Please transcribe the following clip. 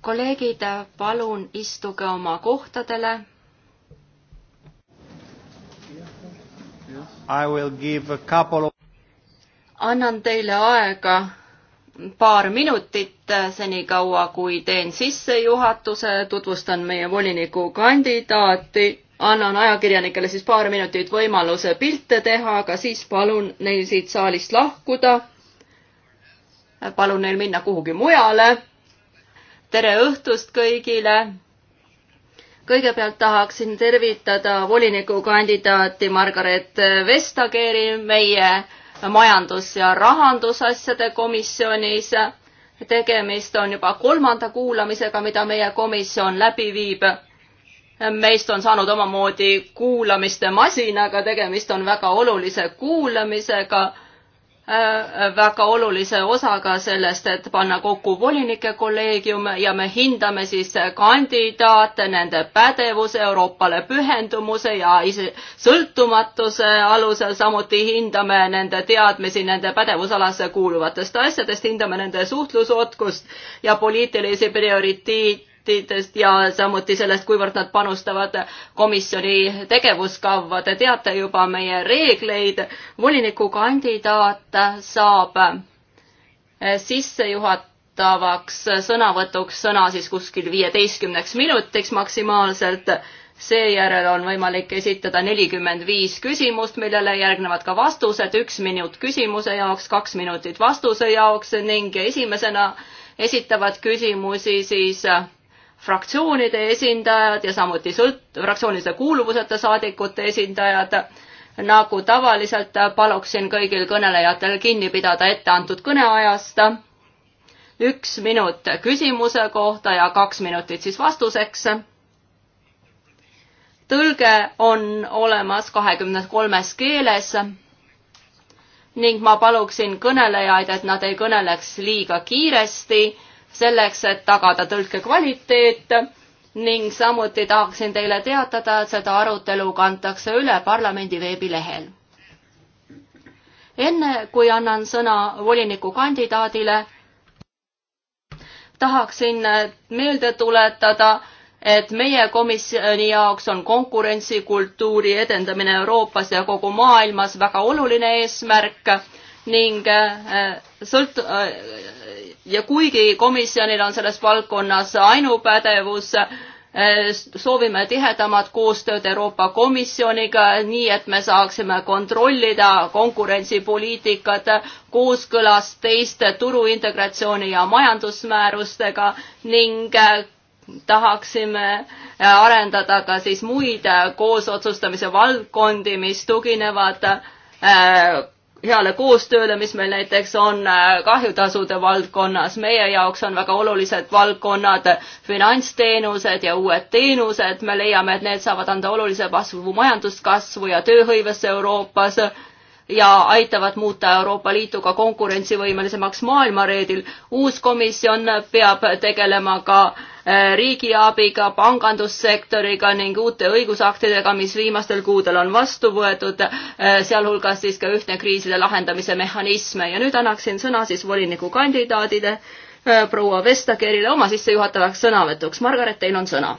kolleegid, palun istuge oma kohtadele. Of... annan teile aega paar minutit, senikaua kui teen sissejuhatuse, tutvustan meie voliniku kandidaati annan ajakirjanikele siis paar minutit võimaluse pilte teha, aga siis palun neil siit saalist lahkuda palun neil minna kuhugi mujale. tere õhtust kõigile. kõigepealt tahaksin tervitada volinikukandidaati Margaret Vestageri meie majandus- ja rahandusasjade komisjonis. tegemist on juba kolmanda kuulamisega, mida meie komisjon läbi viib meist on saanud omamoodi kuulamiste masin, aga tegemist on väga olulise kuulamisega Äh, väga olulise osaga sellest, et panna kokku volinike kolleegium ja me hindame siis kandidaate, nende pädevuse, Euroopale pühendumuse ja ise sõltumatuse alusel, samuti hindame nende teadmisi nende pädevusalasse kuuluvatest asjadest, hindame nende suhtlusotkust ja poliitilisi prioriteete projektidest ja samuti sellest, kuivõrd nad panustavad komisjoni tegevuskavva. Te teate juba meie reegleid. volinikukandidaat saab sissejuhatavaks sõnavõtuks sõna siis kuskil viieteistkümneks minutiks maksimaalselt seejärel on võimalik esitada nelikümmend viis küsimust, millele järgnevad ka vastused, üks minut küsimuse jaoks, kaks minutit vastuse jaoks ning esimesena esitavad küsimusi siis äh, fraktsioonide esindajad ja samuti sõlt-, fraktsioonide kuuluvuseta saadikute esindajad. nagu tavaliselt paluksin kõigil kõnelejatel kinni pidada etteantud kõneajast. üks minut küsimuse kohta ja kaks minutit siis vastuseks. tõlge on olemas kahekümne kolmes keeles ning ma paluksin kõnelejaid, et nad ei kõneleks liiga kiiresti selleks, et tagada tõlke kvaliteet ning samuti tahaksin teile teatada, et seda arutelu kantakse üle parlamendi veebilehel. enne kui annan sõna volinikukandidaadile, tahaksin meelde tuletada, et meie komisjoni jaoks on konkurentsikultuuri edendamine Euroopas ja kogu maailmas väga oluline eesmärk ning äh, sõlt-, äh, ja kuigi komisjonil on selles valdkonnas ainupädevus, eh, soovime tihedamat koostööd Euroopa Komisjoniga, nii et me saaksime kontrollida konkurentsipoliitikat kooskõlas teiste turuintegratsiooni ja majandusmäärustega ning eh, tahaksime eh, arendada ka siis muid koosotsustamise valdkondi, mis tuginevad heale koostööle, mis meil näiteks on äh, kahjutasude valdkonnas. meie jaoks on väga olulised valdkonnad finantsteenused ja uued teenused. me leiame, et need saavad anda olulise kasvu majanduskasvu ja tööhõivesse Euroopas ja aitavad muuta Euroopa Liitu ka konkurentsivõimelisemaks maailmareedil. uus komisjon peab tegelema ka äh, riigiabiga, pangandussektoriga ning uute õigusaktidega, mis viimastel kuudel on vastu võetud, äh, sealhulgas siis ka ühtne kriiside lahendamise mehhanism ja nüüd annaksin sõna siis volinikukandidaadile äh, proua Vestagerile oma sissejuhatavaks sõnavõtuks. Margaret, teil on sõna